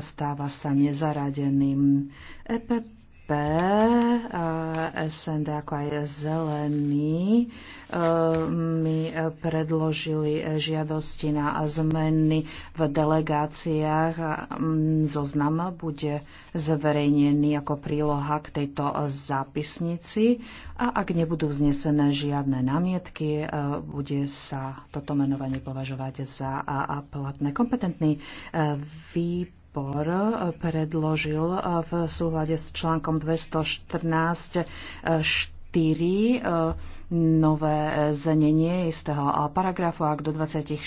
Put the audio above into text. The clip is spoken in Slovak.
stáva sa nezaradeným. EPP, e, SND ako aj zelený, e, my predložili žiadosti na zmeny v delegáciách. Zoznam bude zverejnený ako príloha k tejto zápisnici a ak nebudú vznesené žiadne námietky, bude sa toto menovanie považovať za platné. Kompetentný výbor e, výbor predložil v súhľade s článkom 214 4 e, nové znenie istého paragrafu, ak do 24